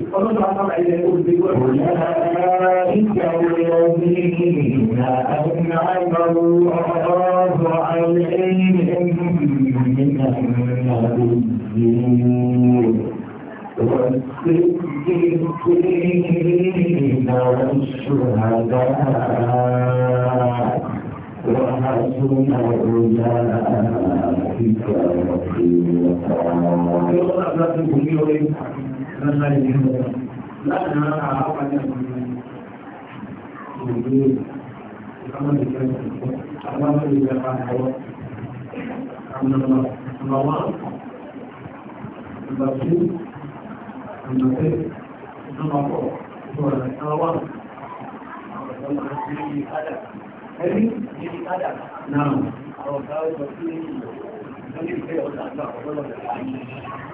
أولئك الذين أنعم الله عليهم من النبيين والصديقين والشهداء وحسن أولئك رفيقا lọ́sà ilé ọ̀rọ̀ láti náà ká àpàdé àwọn ọmọ ìgbé ìfọ́nà ìjọba àwọn ọmọ ìjọba àwọn ọmọ ọmọ wọn ìgbà tí ìgbà tí ìjọba pọ̀ ìjọba ìjọba wọn ẹni ní ìdádà náà àwọn ọ̀gá ọjọ́ sí ilé ìfẹ́ ọ̀dà àgbà ọ̀pọ̀lọpọ̀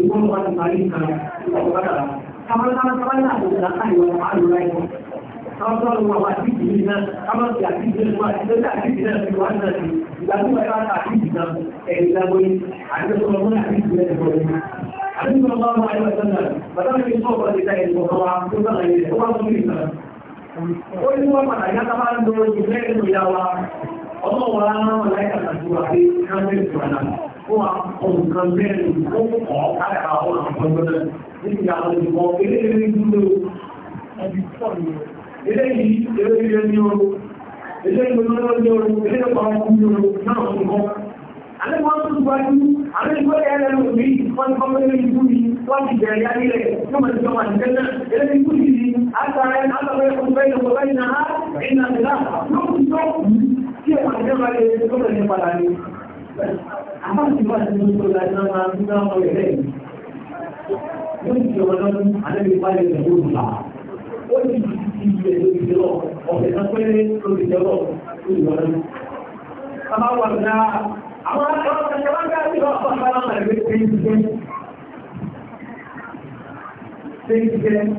ìgbọ́n wà ní parí kan ọ̀pọ̀lọpọ̀ kàmọ́tàmọ́ sábà ní àtòkè látà ìwọ̀n àwọn àlùrà ẹ̀kọ́ kàmọ́tàmọ́ ló wà wá sí ìdílé náà kàmọ́tì àti ìdílé wà sí ìdílé àti ìdílé náà ti wà náà sí ìgbà tí wọ́n bá ta àti ìdílé náà ẹ̀rí lágbó yìí àti ìdílé náà àti ìdílé náà ti àti ìgbà wọn wá ẹgbẹ́ sọ́nà bàtà mi ní sọ́ọ̀bù ọ̀dẹ̀ ìta ẹ̀dùn ọ̀kan wa tó sọ̀rọ̀ yìí ó wá tó ní ìtàn. ó ní wọ́n pàtàkì látàbá ń lo ìgbẹ́ ìlú ìyá wa ọmọ wa ń rán wọn láìka tàbí wà pé káńtẹ́ẹ̀tì wà náà fún nǹkan mẹ́rin tó kọ́ káyà àwọn àpọ̀jọ́lẹ̀ níbi àwọn ìmọ̀ eléyìí dúró eléyìí eléyìí ní oró eléyìí olóró ní oró eléyìí pàwọn kú ní oró náà fún kọ́ alẹ́gbọ́n tó gbájú alẹ́gbọ́n ẹ̀rẹ́ lómi wọ́n ti kọ́kọ́ lórí ikú ni wọ́n ti bẹ̀rẹ̀ yá nílẹ̀ tó mọ̀ nípa wà nílẹ̀ náà eléyìí ikú ni ni àtàrẹ àtàrẹ ọ̀gbẹ́ ìlọ́gbẹ́ báyìí náà ìnà ìlà lókùn tó kù tí ẹ̀wà nílẹ̀ bá lè tó mọ̀ nípa Àbáṣe wà ní oṣù láti máa ń gbá ọmọ rẹ̀ lẹ́yìn. Yóò ti ọmọ lọ́dún àlẹ́bí wáyé rẹ̀ ló rà. Ó ti di ti ilẹ̀ lórí ìjọba ọ̀fẹ́ kan péré lórí ìjọba lórí ìjọba lọ́dún. Bàbá wà ní àwọn akẹ́kọ̀ọ́ kan ṣe wá ń gbá sí ọ̀pọ̀ àbára wọn rẹ̀ pé ń jẹ́. Ṣé ń jẹ́?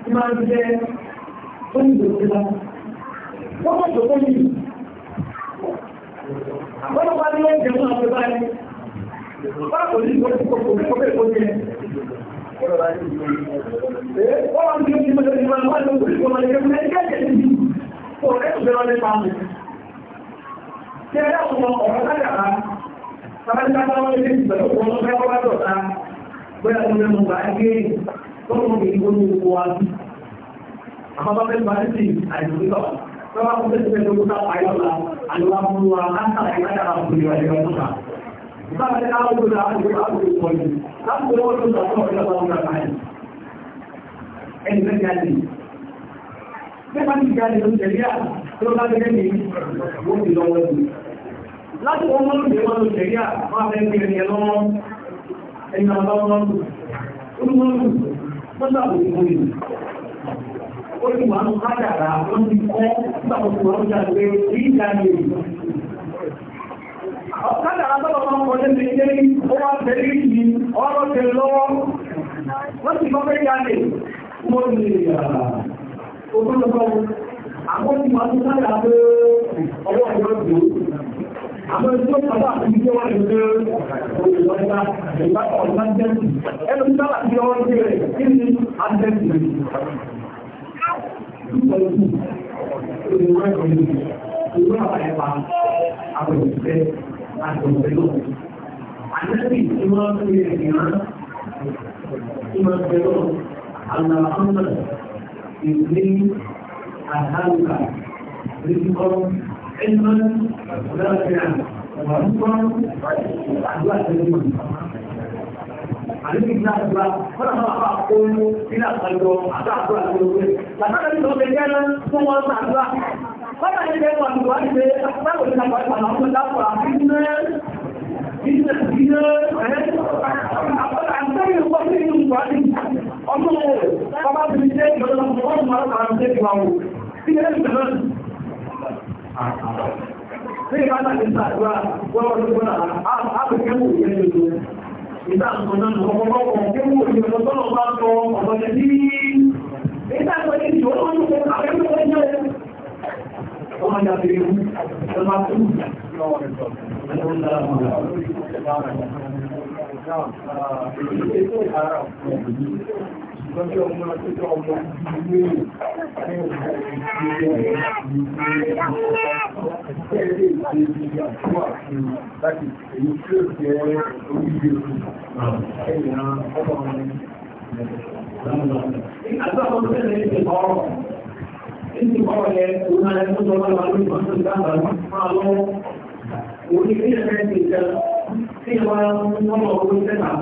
Ṣé máa ń jẹ́? Ó ní ìdòkúta. Wọ́n mọ̀ Àbábá fẹ́ bá ní sí àìsíkọ̀, tọ́wọ́ fún fẹ́ sí fẹ́ tó kúta àyọ́lá, àlúwà fún wa, á ń tàbí látara òkúrò ìwà ìwà ìwà ìwà. بعد أعود العهد وأعود القلب أعود الوقت الأطفال إلى الله تعالى المجالي كما تجالي من جميع ثم تجالي من الله لا تؤمن بمن الشريعة ما تنتهي من يوم إن الله أمر ماذا أقول Olúwa ń kájàrà lọ́nà ìkọ́ nígbàtọ̀kùnrin ọjà pé kí ìdáyé ọ̀kadà àtọ́lọ̀ máa ń kọjá sí ilé ó wá tẹ̀lé ìdí ọ̀rọ̀ tẹ̀lé lọ́wọ́ wọ́n sì kọ́ fẹ́ jáde mo lè ogúnlọ́gbọ́ àkọ́sí máa tún sáyà pé ọwọ́ ìwọ́n tó àmọ́ tí ó pàdà àti ìjọ wà ní ilé olùlọ́gbà ìgbà ọ̀gbà jẹ́sì ẹnu tí sábà tí ọwọ́ sí rẹ̀ kí ni àjẹ́sì rẹ̀ Ànábì tí wọ́n fi ìrìnà tí wọ́n bẹ̀rọ àlàáfíà ìgbé àdáríkà ríkọ́ ẹgbẹ́ ọ̀dọ́rẹ́fẹ́ àwọ̀rúkọ́ àdúrà tẹ́lẹ̀mọ̀. Àníbi ìgbà àgbà, wọ́n náà máa kó ní ìlàkàjọ àdáàdúrà tẹ́lẹ̀mọ̀. Làtàkàjọ ọ̀gbẹ̀gẹ́ náà fún wọn kọ́nà ilẹ̀ ẹ̀kọ́ àti wọ́n ṣe àpapọ̀ ìlànà àwọn ọmọ ìlàpọ̀ àbíjẹ́ ìjẹ́ ìjẹ́ Ìdáàkùnrin ọmọ ọmọ kéwò ìrìnlọ́tọ́lọ́ bá tọ ọ̀pọ̀lẹ̀ ní ìdáàkùnrin ìjọ́ ọmọ ìjọ́ ومن يطيعه فالمعصوم Ìgbàgbọ́ ọ̀sẹ̀ lè ṣe ọ̀rọ̀. Títí kọ́ ẹ̀ ọ̀nà jẹ́ Ìdílé ìwé ẹnu ọ̀tẹ́ fún ẹ̀kọ́ wọn ní sọ̀rọ̀ ọ̀rẹ́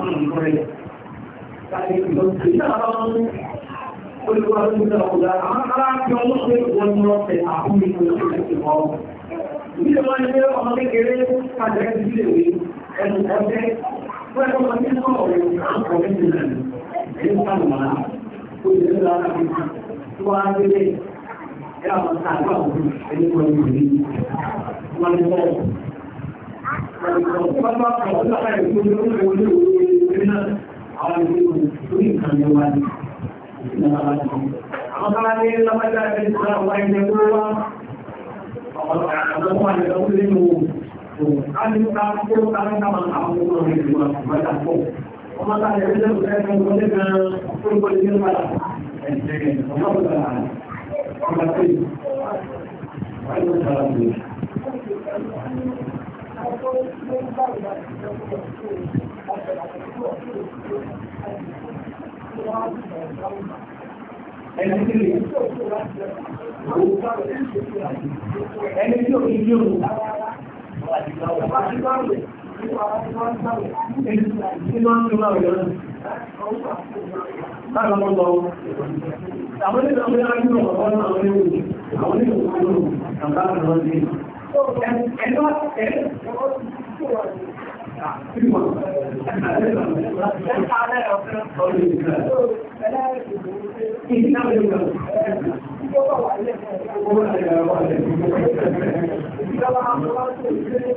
ọ̀rẹ́ ìlú ẹ̀yìn sàmùmá tó ìdílé lára fi wá délé yóò máa ta àdúrà òkú ẹni kọ́ ní ìlú wọn ni bọ́ọ̀ wọn bá kọ̀ ọ́ lọ́kà ẹ̀ tó ní orí orí orí orí náà àwọn ìlú orí nǹkan ní wá ní àwọn kan ní lọ́kàjá ẹni tó náà wáyé ní ẹgbẹ́ wá ọ̀pọ̀lọpọ̀ Ẹni tí lè ẹni tí ò ní yóò Ìjọba àwọn ọmọ ọdún ìgbé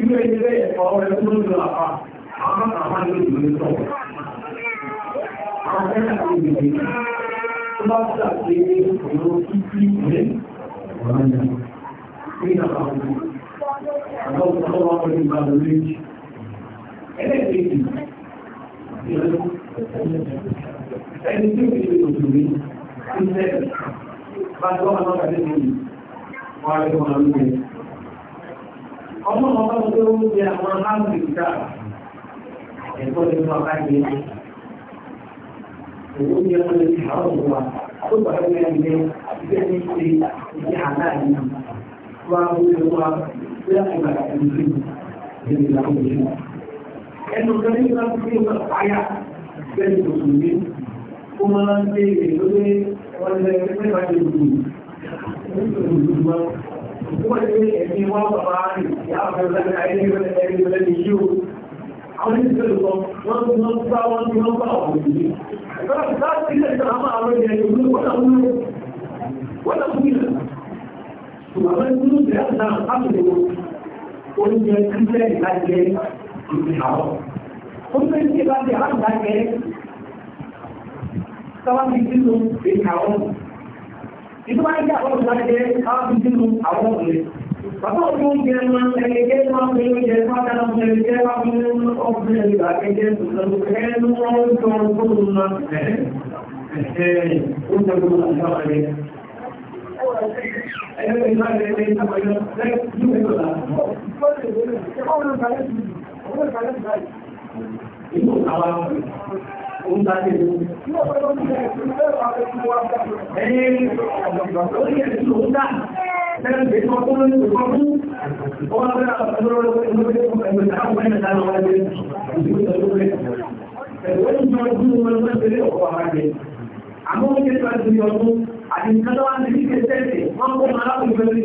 Ilé ilé ẹ̀kọ́ ọ̀rẹ́ tó ń lọ àpá, àwọn àpá ní ìlú sọ̀rọ̀. Àwọn ẹ̀kọ́ ìgbìyànjú tó bá ṣàgbé ní ìlú títí ìlú. Wọ́n ń lọ. Ní ìlú àwọn ìlú. àbọ̀wọ̀ tó wà pẹ̀lú ìbàdàn méjì ẹlẹ́ẹ̀kejì ẹni tí ó fi ṣe òṣù mi ń tẹ́lẹ̀ bá tó wà náà kàdé mi wà lè wà lóye ọmọ ọmọ ọmọ Ẹnu kan ní ìgbà tí ó máa fàyà bẹ́ẹ̀ ni Mùsùlùmí, ó máa ń gbé èrò pé wọ́n lẹ mẹ́ta lè gbù. Wọ́n lè ẹ̀mí wá bàbá rẹ̀ yáà fẹ́ lẹ́gbẹ̀ẹ́ ayélujára ẹgbẹ̀rẹ̀ ní yíò. Àwọn ìgbẹ̀rẹ̀ lọ, wọ́n tún wọ́n bá wọ́n tún wọ́n bá ọ̀pọ̀ yìí. Ẹgbẹ̀rẹ̀ láti ilẹ̀ ìjọba máa rẹ̀ yẹ̀ ìwọ̀n nínú ìrẹ́sì náà láti lè oúnjẹ kílẹ̀ ìdájẹ́ ìgbìyàwó. Oúnjẹ kílẹ̀ ìdájẹ́ aláìdájẹ́ sáwájú sínú Ìlú àwọn ohun tàbí ìlú. Ẹni orí òun dá, ẹni ìgbésọ́ tó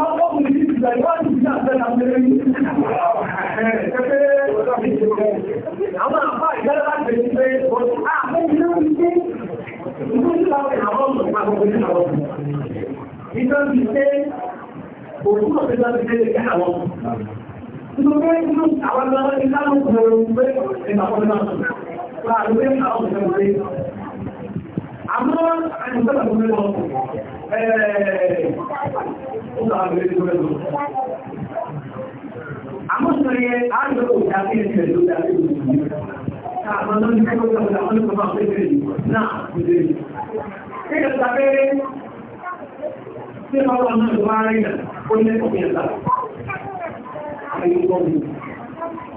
Àwọn àìsàn àti ìgbàlẹ̀ ọkùnrin Àmúṣẹ́rẹ́ àjọ́kò ìdáfẹ́ ìrìnlẹ̀ ló dáfẹ́ ìrìnlẹ̀. Àwọn ọmọdé ń kọ́ ọjọ́ àwọn ọmọdé máa fẹ́ ìrìnlẹ̀ náà. Kí ló tàbí tí ọmọ náà wá rí náà, ó ní ọ̀pẹ̀ ẹ̀ta. Àwọn ìgbọ́n mi,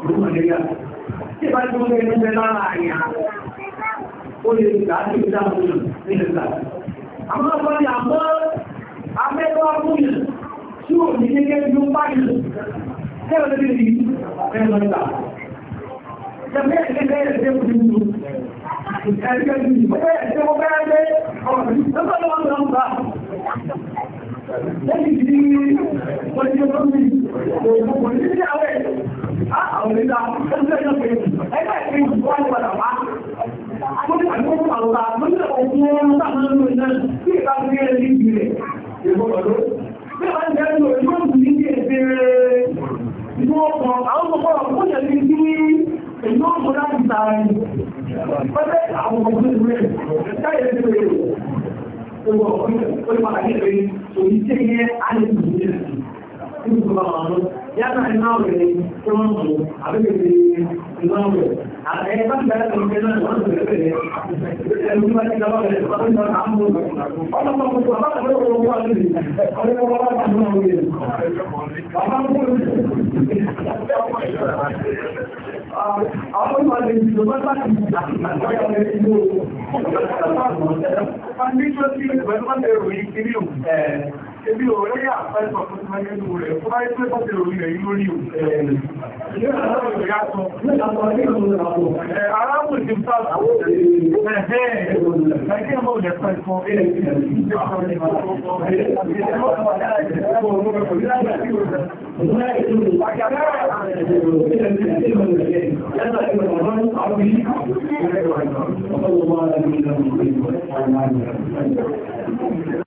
ló mọ̀ nígbà. Tí bá tí ó ń gbé ẹgbẹ́ lára àyà, ó lè gbà á sí ìdáhùn nílẹ̀ láti àwọn ọ̀pọ̀ ni àmọ́ amẹ́kọ́ ọkùnrin tí ò ní gẹ́gẹ́ bí ó báyìí tẹ́lẹ̀ lórí rí ẹ̀rọ ìgbà Ìjọba ẹgbẹ́ ẹgbẹ́ ìlú, ẹgbẹ́ ìlú, ẹgbẹ́ ẹgbẹ́ ọgbẹ́ ẹgbẹ́ ọ̀rọ̀ ìjọba lọ́wọ́ lọ́wọ́ bá. Lẹ́yìn tí wọ́n ti jẹ́ lọ́wọ́ ìgbòho, kò ní sí àwẹ̀. Á àwọn ìlú, ẹgbẹ́ ìlú, ẹgbẹ́ ìlú, wọ́n ti padà wá lórí àgbẹ̀kọ́ àlọ́ta lórí ọ̀gbọ́n wọn láti lọ́nà iná sí ìta sí ẹ̀rẹ́ ní ìbílẹ̀ ìgbọ́lọ́dọ́. Bí àwọn ìjẹ́ ìlú ìgbọ́n ti ní kí ẹ̀ṣẹ́ nígbà bá wọn yàtọ̀ iná rẹ̀ tó ń mú àbẹ́bẹ̀rẹ̀ iná rẹ̀ ẹ̀yẹ bá ń bẹ̀rẹ̀ tó ń bẹ̀rẹ̀ náà wọ́n bẹ̀rẹ̀ bẹ̀rẹ̀ ẹ̀rù tí wọ́n ti gbọ́ bẹ̀rẹ̀ tó ń bá ń mú ọlọ́pàá kò tó bá bẹ̀rẹ̀ owó wà lórí ọlọ́pàá wà bá ń mú ọmọ yẹn. Àwọn ọmọ ìlú ìlú bá bá ti gbà láti ọmọ ìlú. Wọ́n ní tó ti pẹ̀lú ọ̀dẹ̀ ìròyìn kiri òkú. Ebi ọ̀rẹ́ yà pẹ́sọ̀ fún ti mẹ́rin ẹnu rẹ̀, fún báyé pẹ́sọ̀ ti orí rẹ̀ lórí ẹ̀rẹ̀. Arábùn ti fà ẹ̀ẹ́ ẹ̀ẹ́ mọ́ ọ̀dẹ̀ pẹ́sọ̀ ẹ̀ẹ́ Thank you.